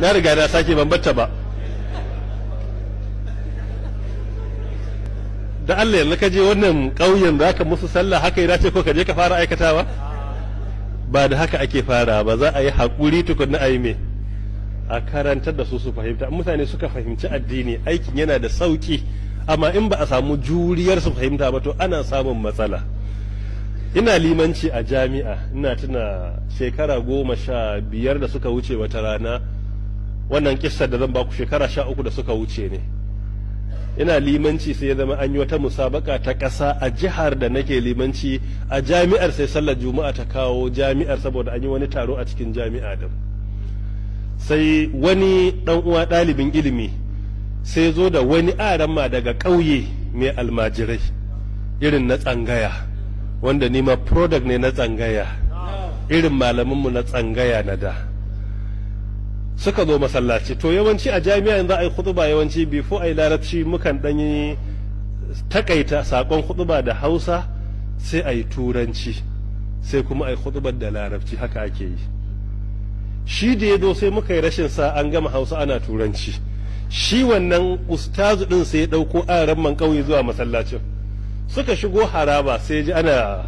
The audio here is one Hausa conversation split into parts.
na riga na sake bambata ba da Allah yanzu ka je wannan ƙauyen da aka musu sallah haka ya ce ko ka je ka fara aikatawa ba da haka ake fara ba za a yi haƙuri tukun a yi a karantar da su su fahimta mutane suka fahimci addini aikin yana da sauki amma in ba a samu juriyar su fahimta ba to ana samun matsala ina limanci a jami'a ina tuna shekara goma sha biyar da suka wuce wata rana wannan kissar da zan baku shekara sha uku da suka wuce ne ina limanci sai ya zama an yi wata musabaka ta ƙasa a jihar da nake limanci a jami'ar sai sallar juma'a ta kawo jami'ar saboda an yi wani taro a cikin jami'a din sai wani ɗan uwa ɗalibin ilimi sai zo da wani arama daga ƙauye mai almajirai irin na tsangaya wanda nima product ne na tsangaya irin malaminmu na tsangaya na da suka zo masallaci to yawanci a jami'a za a yi khutba yawanci before a yi larabci mukan dan yi takaita sakon khutba da Hausa sai a yi turanci sai kuma a yi da larabci haka ake yi shi da ya zo sai muka yi rashin sa an gama Hausa ana turanci shi wannan ustazu din sai ya ɗauko aran man kauye zuwa masallacin suka shigo haraba sai ji ana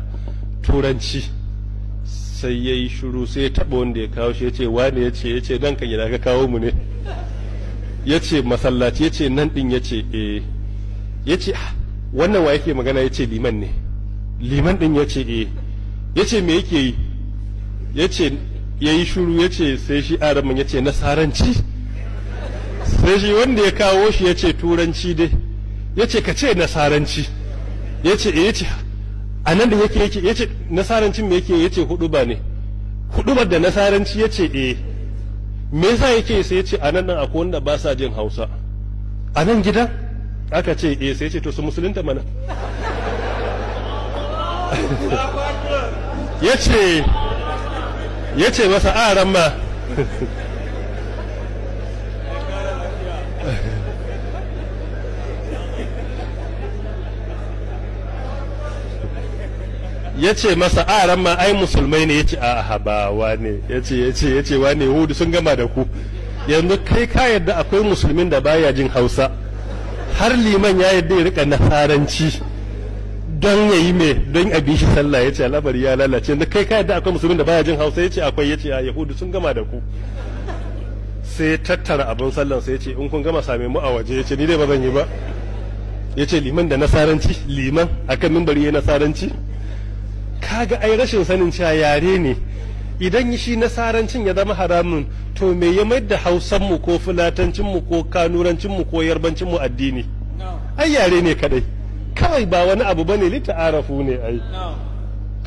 turanci sai ya yi shuru sai ya taɓa wanda ya kawo shi ya ce ne ya ce ya ce nan kan yana ka kawo mu ne ya ce masallaci ya ce nan ɗin ya ce eh ya ce wannan wa yake magana ya ce liman ne liman ɗin ya ce eh ya ce me yake yi ya ce ya yi shuru ya ce sai shi araman ya ce nasaranci sai shi wanda ya kawo shi ya ce turanci dai ya ce ka ce nasaranci ya ce e ya ce a nan da yake yake yace nasarancin me yake yace hudu ba ne hudubar da nasaranci yace eh me yasa yake sai yace a nan nan akwai wanda ba sa jin Hausa a nan gidan aka ce eh sai yace to su musulunta mana yace yace masa aran ma ya ce masa a ranar ai musulmai ne ya ce a ba wane ya ce ya ce ya ce wane yahudu sun gama da ku yanzu kai ka yadda akwai musulmin da baya jin hausa har liman ya yadda ya rika nasaranci don ya yi mai don a bi shi sallah ya ce al'amari ya lalace yanzu kai ka yadda akwai musulmin da baya jin hausa ya ce akwai ya ce a yahudu sun gama da ku sai tattara abin sallan sai ya ce in kun gama same mu a waje ya ce ni dai ba zan yi ba ya ce liman da nasaranci liman akan mimbari ya nasaranci kaga ai rashin sanin cewa yare ne idan shi nasarancin ya zama haramun to me ya mai da hausan mu ko fulatancin mu ko kanurancin mu ko yarbancin mu addini ai yare ne kadai kawai ba wani abu bane lita'arafu ne ai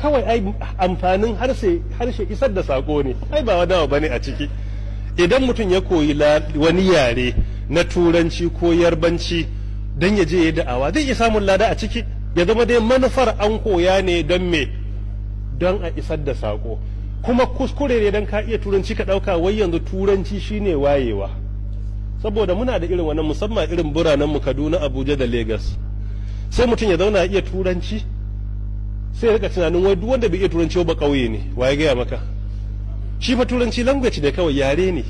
kawai ai amfanin harshe harshe isar da sako ne ai ba wani abu bane a ciki idan mutum ya koyi wani yare na turanci ko yarbanci don ya je ya da'awa zai iya samun lada a ciki ya zama dai manufar an koya ne don me don a isar da saƙo kuma kuskure ne don ka iya turanci ka ɗauka wai yanzu turanci shine wayewa saboda muna da irin wannan musamman irin biranenmu kaduna abuja da lagos sai mutum ya zauna iya turanci sai rika tunanin wai duk wanda bai iya turanci ba ƙauye ne wa ya gaya maka shi fa turanci language ne kawai yare ne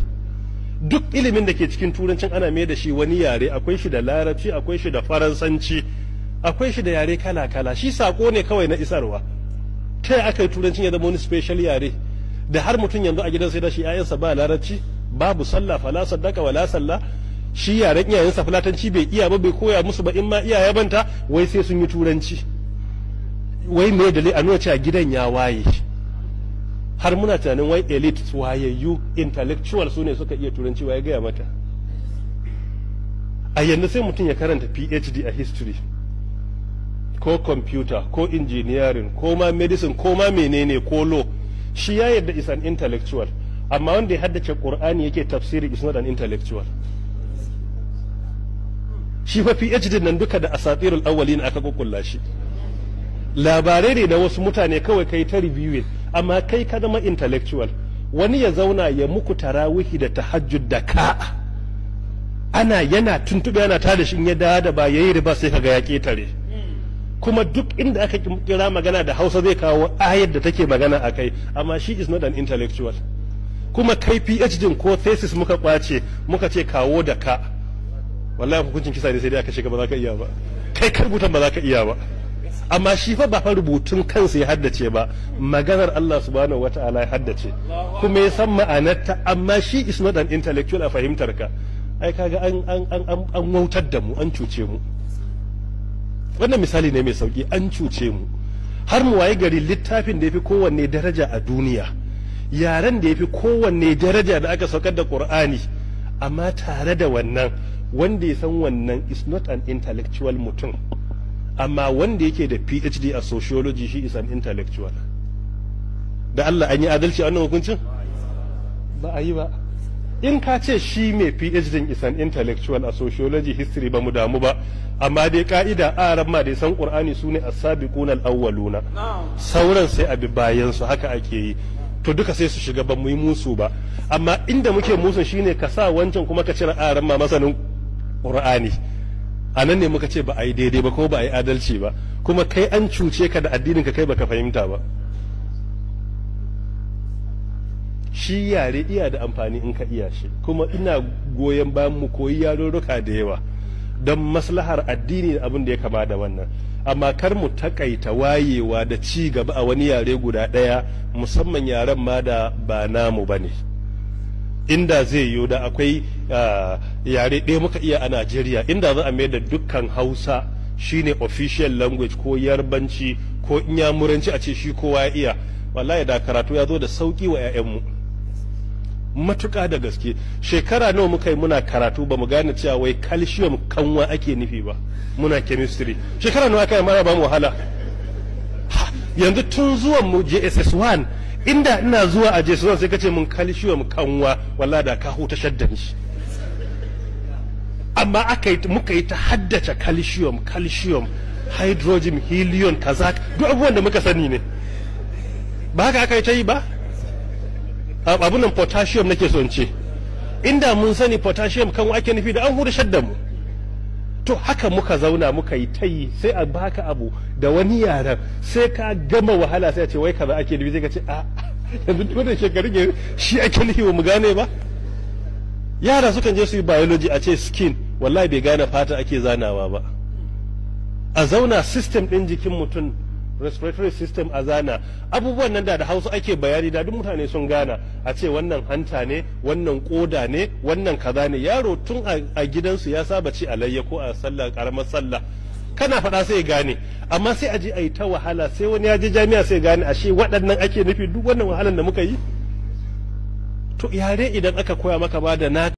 duk ilimin da ke cikin turancin ana mai da shi wani yare akwai shi da larabci akwai shi da faransanci akwai shi da yare kala kala shi sako ne kawai na isarwa ta aka yi turancin ya zama wani special yare da har mutum yanzu a gidan sai da shi ƴaƴansa ba larabci babu sallah fala saddaka wala sallah shi yaren iyayensa fulatanci bai iya ba bai koya musu ba in ma iyaye banta wai sai sun yi turanci wai me dalil a nuna a gidan ya waye har muna tunanin wai elite wayayyu intellectual su ne suka iya turanci waye gaya mata a yanzu sai mutum ya karanta phd a history ko computer ko engineering ko ma medicine ko ma menene ko lo shi ya yadda is an intellectual amma wanda ya haddace qur'ani yake tafsiri is not an intellectual shi fa PhD nan duka da asatirul awwalin aka kokulla shi labarai ne da wasu mutane kawai kai ta reviewing amma kai ka zama intellectual wani ya zauna ya muku tarawihi da tahajjud da ka ana yana tuntube yana tada shi in ya dawo da ba yayi riba sai kaga ya ketare kuma duk inda aka kira magana da hausa zai kawo ayar da take magana a kai amma shi is not an intellectual kuma kai phd ko thesis muka kwace muka ce kawo da ka wallahi hukuncin kisa ne sai dai aka shiga ba za ka iya ba kai karbutan ba za ka iya ba amma shi fa ba rubutun kansa ya haddace ba maganar Allah subhanahu wata'ala ya haddace kuma ya san ma'anarta amma shi is not an intellectual a fahimtar ka ai kaga an an an an wautar da mu an cuce mu wannan misali ne mai sauki an cuce mu har mu waye gari littafin da ya fi kowanne daraja a duniya yaren da ya fi kowanne daraja da aka saukar da qur'ani amma tare da wannan wanda ya san wannan is not an intellectual mutum amma wanda yake da phd a sociology shi is an intellectual da allah an yi adalci a wannan hukuncin ba a yi ba in ka ce shi mai phd is an intellectual a sociology history ba mu damu ba amma dai ka'ida aran ma da san qur'ani su ne a sabiqun al-awwaluna sauran sai abi bayan su haka ake yi to duka sai su shiga ba mu yi musu ba amma inda muke musu shine ka sa wancan kuma ka cire aran ramma masanin qur'ani a nan ne muka ce ba a yi daidai ba ko ba a yi adalci ba kuma kai an cuce ka da addinin ka kai baka fahimta ba shi yare iya da amfani in ka iya shi kuma ina goyon bayan mu koyi yarurruka da yawa don maslahar addini da abin da ya kama da wannan amma kar mu takaita wayewa da ci gaba a wani yare guda ɗaya musamman yaren ma da ba namu ba ne inda zai yiwu da akwai ah, yare ɗaya muka iya a najeriya inda za a mai da dukkan hausa shine official language ko yarbanci ko inyamuranci a ce shi kowa ya iya wallahi da karatu ya zo da sauki wa 'ya'yanmu matuƙa da gaske shekara nawa muka yi muna karatu ba mu gane cewa wai calcium kanwa ake nufi ba muna chemistry shekara nawa aka yi mara ba mu wahala yanzu tun zuwan mu JSS1 inda ina zuwa a JSS1 sai kace mun calcium kanwa walla da ka huta shaddan shi amma aka yi muka yi ta haddace calcium calcium hydrogen helium kaza duk abubuwan da muka sani ne ba haka aka yi ta yi ba abunan potassium nake so in ce inda mun sani potassium kan ake nufi da an huda shadda mu to haka muka zauna muka yi tayi sai a baka abu da wani yaran sai ka gama wahala sai a ce wai kaza ake nufi sai ka ce a yanzu wannan ne shi ake nufi mu gane ba yara sukan je su yi biology a ce skin wallahi bai gane fata ake zanawa ba a zauna system ɗin jikin mutum respiratory system a zana abubuwan nan da da hausa ake bayani da duk mutane sun gana a ce wannan hanta ne wannan koda ne wannan kaza ne yaro tun a gidansu ya saba ci alayya ko a sallah karamar sallah kana faɗa sai gane amma sai a je a yi ta wahala sai wani ya je jami'a sai gane ashe waɗannan ake nufi duk wannan wahalan da muka yi to yare idan aka koya maka ba da na